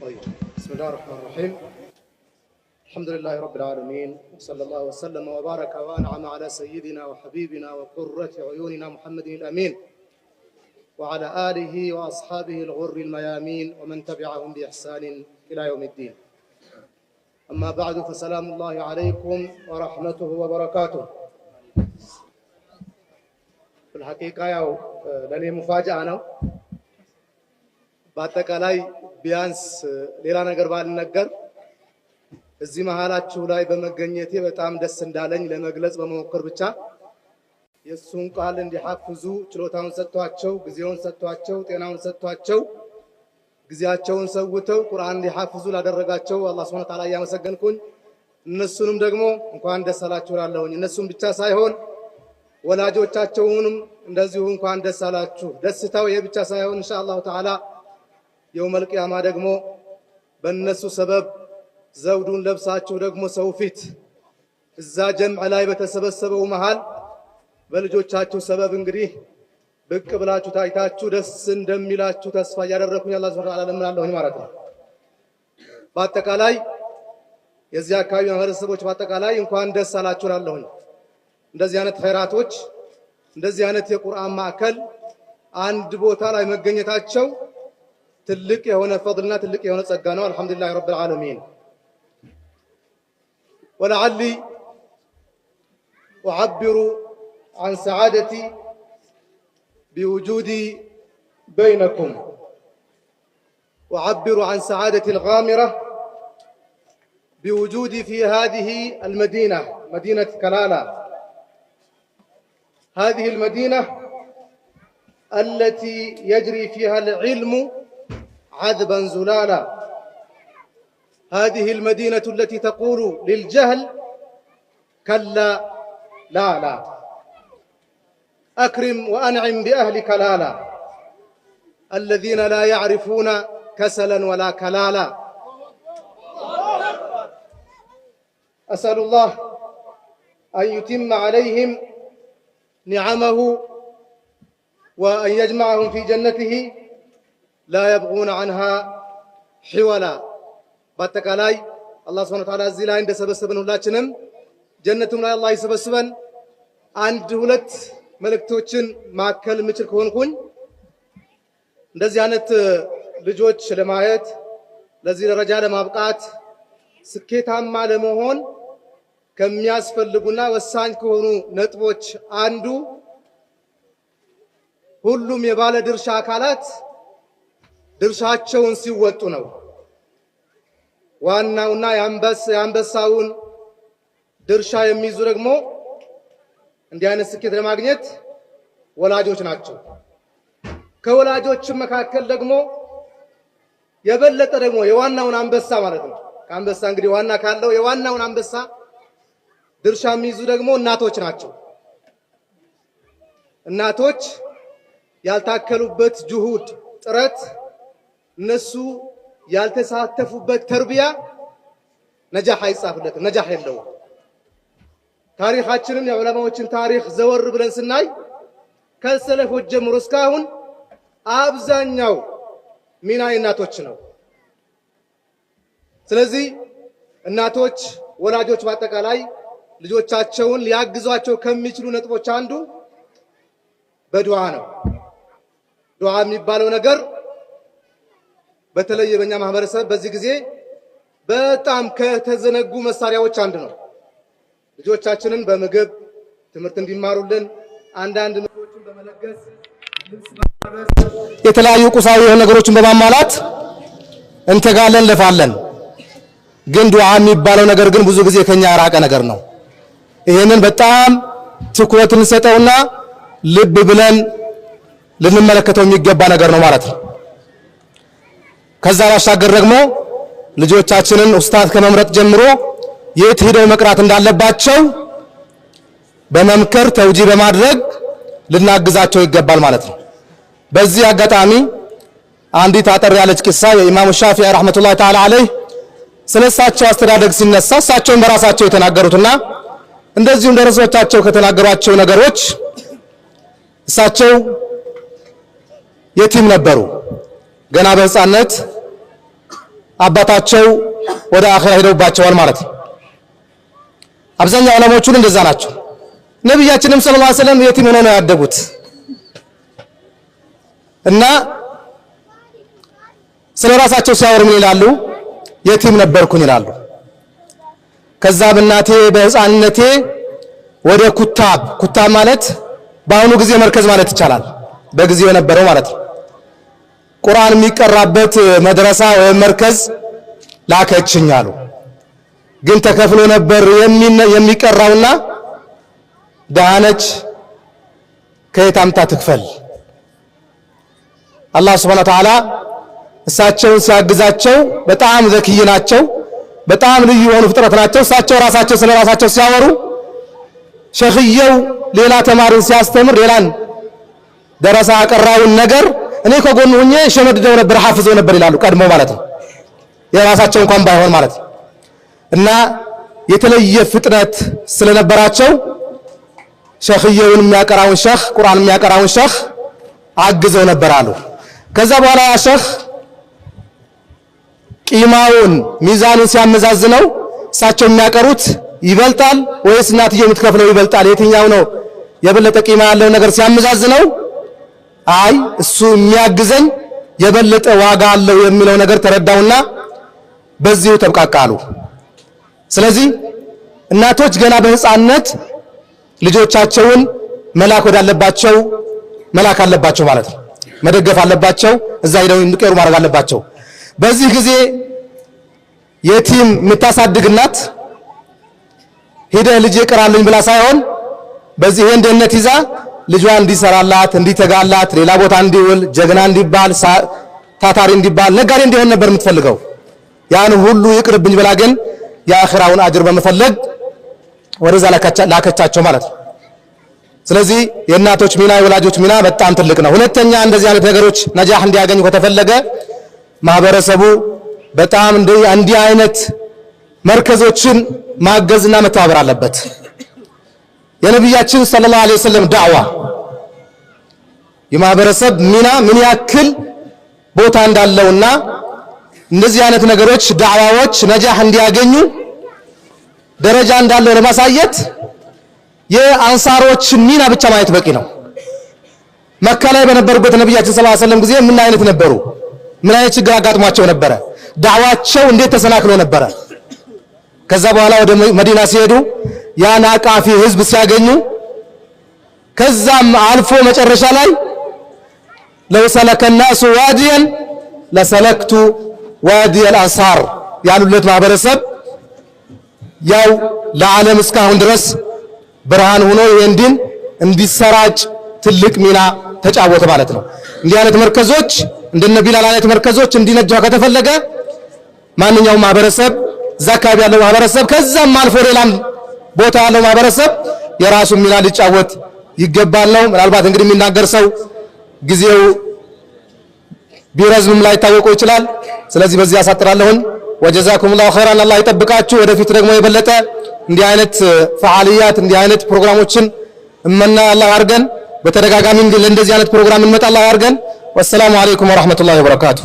طيب بسم الله الرحمن الرحيم الحمد لله رب العالمين وصلى الله وسلم وبارك وانعم على سيدنا وحبيبنا وقرة عيوننا محمد الامين وعلى اله واصحابه الغر الميامين ومن تبعهم باحسان الى يوم الدين اما بعد فسلام الله عليكم ورحمته وبركاته في الحقيقه يا آه، للي مفاجاه انا በአጠቃላይ ቢያንስ ሌላ ነገር ባልነገር እዚህ መሀላችሁ ላይ በመገኘቴ በጣም ደስ እንዳለኝ ለመግለጽ በመሞከር ብቻ የእሱን ቃል እንዲሐፍዙ ችሎታውን ሰጥቷቸው ጊዜውን ሰጥቷቸው ጤናውን ሰጥቷቸው ጊዜያቸውን ሰውተው ቁርአን እንዲሐፍዙ ላደረጋቸው አላህ ሱብሓነሁ ወተዓላ እያመሰገንኩኝ እነሱንም ደግሞ እንኳን ደስ አላችሁ እላለሁኝ። እነሱም ብቻ ሳይሆን ወላጆቻቸውንም እንደዚሁ እንኳን ደስ አላችሁ። ደስታው ይሄ ብቻ ሳይሆን ኢንሻአላሁ ተዓላ የውመልቅያማ ደግሞ በእነሱ ሰበብ ዘውዱን ለብሳችሁ ደግሞ ሰው ፊት እዛ ጀምዕ ላይ በተሰበሰበው መሃል በልጆቻችሁ ሰበብ እንግዲህ ብቅ ብላችሁ ታይታችሁ ደስ እንደሚላችሁ ተስፋ እያደረግኩኝ አላህ ሱብሓነሁ ወተዓላ ለምናለሁኝ ማለት ነው። በአጠቃላይ የዚህ አካባቢ ማህበረሰቦች በአጠቃላይ እንኳን ደስ አላችሁ እላለሁኝ። እንደዚህ አይነት ኸይራቶች እንደዚህ አይነት የቁርአን ማዕከል አንድ ቦታ ላይ መገኘታቸው تلك هنا فضلنا تلك هنا ጸጋ الحمد لله رب العالمين ولعلي أعبر عن سعادتي بوجودي بينكم أعبر عن سعادتي الغامرة بوجودي في هذه المدينة مدينة كلالا هذه المدينة التي يجري فيها العلم عذبا زلالا هذه المدينة التي تقول للجهل كلا لا لا أكرم وأنعم بأهلك لا لا الذين لا يعرفون كسلا ولا كلالا أسأل الله أن يتم عليهم نعمه وأن يجمعهم في جنته ላ የብቁነ አንሃ ሒወላ። በአጠቃላይ አላህ ሱብሓነሁ ወተዓላ እዚህ ላይ እንደሰበሰበን ሁላችንም ጀነቱም ላይ አላህ ይሰበስበን። አንድ ሁለት መልእክቶችን ማከል የምችል ከሆንኩኝ እንደዚህ አይነት ልጆች ለማየት ለዚህ ደረጃ ለማብቃት ስኬታማ ለመሆን ከሚያስፈልጉና ወሳኝ ከሆኑ ነጥቦች አንዱ ሁሉም የባለ ድርሻ አካላት ድርሻቸውን ሲወጡ ነው። ዋናውና የአንበሳውን ድርሻ የሚይዙ ደግሞ እንዲህ አይነት ስኬት ለማግኘት ወላጆች ናቸው። ከወላጆችም መካከል ደግሞ የበለጠ ደግሞ የዋናውን አንበሳ ማለት ነው። ከአንበሳ እንግዲህ ዋና ካለው የዋናውን አንበሳ ድርሻ የሚይዙ ደግሞ እናቶች ናቸው። እናቶች ያልታከሉበት ጅሁድ ጥረት እነሱ ያልተሳተፉበት ተርቢያ ነጃህ አይጻፍለት፣ ነጃህ የለውም። ታሪካችንን የዑለማዎችን ታሪክ ዘወር ብለን ስናይ ከሰለፎች ጀምሮ እስካሁን አብዛኛው ሚና የእናቶች ነው። ስለዚህ እናቶች፣ ወላጆች በአጠቃላይ ልጆቻቸውን ሊያግዟቸው ከሚችሉ ነጥቦች አንዱ በዱዓ ነው። ዱዓ የሚባለው ነገር በተለይ በእኛ ማህበረሰብ በዚህ ጊዜ በጣም ከተዘነጉ መሳሪያዎች አንድ ነው። ልጆቻችንን በምግብ ትምህርት እንዲማሩልን አንዳንድ ምግቦችን በመለገስ የተለያዩ ቁሳዊ የሆኑ ነገሮችን በማሟላት እንተጋለን፣ እንለፋለን። ግን ዱዓ የሚባለው ነገር ግን ብዙ ጊዜ ከኛ ያራቀ ነገር ነው። ይህንን በጣም ትኩረት እንሰጠውና ልብ ብለን ልንመለከተው የሚገባ ነገር ነው ማለት ነው። ከዛ ባሻገር ደግሞ ልጆቻችንን ኡስታዝ ከመምረጥ ጀምሮ የት ሄደው መቅራት እንዳለባቸው በመምከር ተውጂ በማድረግ ልናግዛቸው ይገባል ማለት ነው። በዚህ አጋጣሚ አንዲት አጠር ያለች ቂሳ የኢማሙ ሻፊዒ ረሕመቱላሂ ተዓላ ዓለይህ ስለ እሳቸው አስተዳደግ ሲነሳ እሳቸውን በራሳቸው የተናገሩትና እንደዚሁም ደረሶቻቸው ከተናገሯቸው ነገሮች እሳቸው የቲም ነበሩ ገና በህፃነት አባታቸው ወደ አኺራ ሄደውባቸዋል ማለት ነው። አብዛኛው ዓለሞቹ እንደዛ ናቸው። ነቢያችንም ሰለላሁ ዐለይሂ ወሰለም የቲም ሆነው ነው ያደጉት እና ስለ ራሳቸው ሲያወሩ ምን ይላሉ? የቲም ነበርኩኝ ይላሉ። ከዛ በእናቴ በህፃንነቴ ወደ ኩታብ ኩታብ ማለት በአሁኑ ጊዜ መርከዝ ማለት ይቻላል። በጊዜው የነበረው ማለት ነው ቁርአን የሚቀራበት መድረሳ ወይም መርከዝ ላከችኝ አሉ። ግን ተከፍሎ ነበር የሚቀራውና ደሃነች ከየት አምጣ ትክፈል። አላህ ሱብሓነሁ ወተዓላ እሳቸውን ሲያግዛቸው በጣም ዘክይ ናቸው፣ በጣም ልዩ የሆኑ ፍጥረት ናቸው። እሳቸው ራሳቸው ስለ ራሳቸው ሲያወሩ ሸኽየው ሌላ ተማሪን ሲያስተምር ሌላን ደረሳ ያቀራውን ነገር እኔ ከጎኑ ሆኜ ሸመድደው ነበር፣ ሐፍዘው ነበር ይላሉ። ቀድሞ ማለት ነው የራሳቸው እንኳን ባይሆን ማለት ነው። እና የተለየ ፍጥነት ስለነበራቸው ሸኽየውን የሚያቀራውን ሸኽ ቁርአን የሚያቀራውን ሸኽ አግዘው ነበር አሉ። ከዛ በኋላ ያ ሸኽ ቂማውን ሚዛኑን ሲያመዛዝነው እሳቸው የሚያቀሩት ይበልጣል ወይስ እናትየው የምትከፍለው ይበልጣል? የትኛው ነው የበለጠ ቂማ ያለው ነገር ሲያመዛዝነው አይ እሱ የሚያግዘኝ የበለጠ ዋጋ አለው የሚለው ነገር ተረዳውና በዚሁ ተብቃቃሉ። ስለዚህ እናቶች ገና በህፃነት ልጆቻቸውን መላክ ወዳለባቸው መላክ አለባቸው ማለት ነው። መደገፍ አለባቸው። እዛ ሄደው እንዲቀሩ ማድረግ አለባቸው። በዚህ ጊዜ የቲም የምታሳድግ እናት ሂደህ ልጅ ይቀራልኝ ብላ ሳይሆን በዚህ ይሄን ይዛ ልጇ እንዲሰራላት እንዲተጋላት ሌላ ቦታ እንዲውል ጀግና እንዲባል ታታሪ እንዲባል ነጋዴ እንዲሆን ነበር የምትፈልገው። ያን ሁሉ ይቅርብኝ ብላ ግን የአኺራውን አጅር በመፈለግ ወደዛ ላከቻቸው ማለት ነው። ስለዚህ የእናቶች ሚና የወላጆች ሚና በጣም ትልቅ ነው። ሁለተኛ እንደዚህ አይነት ነገሮች ነጃህ እንዲያገኙ ከተፈለገ ማህበረሰቡ በጣም እንዲህ አይነት መርከዞችን ማገዝና መተባበር አለበት። የነቢያችን ሰለላሁ ዐለይሂ ወሰለም ዳዕዋ የማህበረሰብ ሚና ምን ያክል ቦታ እንዳለውና እንደዚህ አይነት ነገሮች ዳዕዋዎች ነጃህ እንዲያገኙ ደረጃ እንዳለው ለማሳየት የአንሳሮችን ሚና ብቻ ማየት በቂ ነው። መካ ላይ በነበሩበት ነቢያችን ሰለላሁ ዐለይሂ ወሰለም ጊዜ ምን አይነት ነበሩ? ምን አይነት ችግር አጋጥሟቸው ነበረ? ዳዕዋቸው እንዴት ተሰናክሎ ነበረ? ከዛ በኋላ ወደ መዲና ሲሄዱ ያን አቃፊ ህዝብ ሲያገኙ ከዛም አልፎ መጨረሻ ላይ ለው ሰለከ ናሱ ዋዲየን ለሰለክቱ ዋዲየል አንሳር ያሉለት ማህበረሰብ ያው ለዓለም እስካሁን ድረስ ብርሃን ሆኖ ይህን ዲን እንዲሰራጭ ትልቅ ሚና ተጫወተ ማለት ነው። እንዲህ አይነት መርከዞች እንደነ ቢላል አይነት መርከዞች እንዲነጃ ከተፈለገ ማንኛውም ማህበረሰብ እዛ አካባቢ ያለው ማህበረሰብ ከዛም አልፎ ሌላም ቦታ ያለው ማህበረሰብ የራሱን ሚና ሊጫወት ይገባል ነው። ምናልባት እንግዲህ የሚናገር ሰው ጊዜው ቢረዝምም ላይ ታወቀው ይችላል። ስለዚህ በዚህ ያሳጥራለሁን። ወጀዛኩሙላሁ ኸይራን አላህ ይጠብቃችሁ። ወደፊት ደግሞ የበለጠ እንዲህ አይነት ፈዓልያት እንዲህ አይነት ፕሮግራሞችን እመና አላህ አድርገን በተደጋጋሚ ለእንደዚህ አይነት ፕሮግራም እንመጣ አላህ አድርገን። ወሰላሙ አለይኩም ወራህመቱላሂ ወበረካቱ።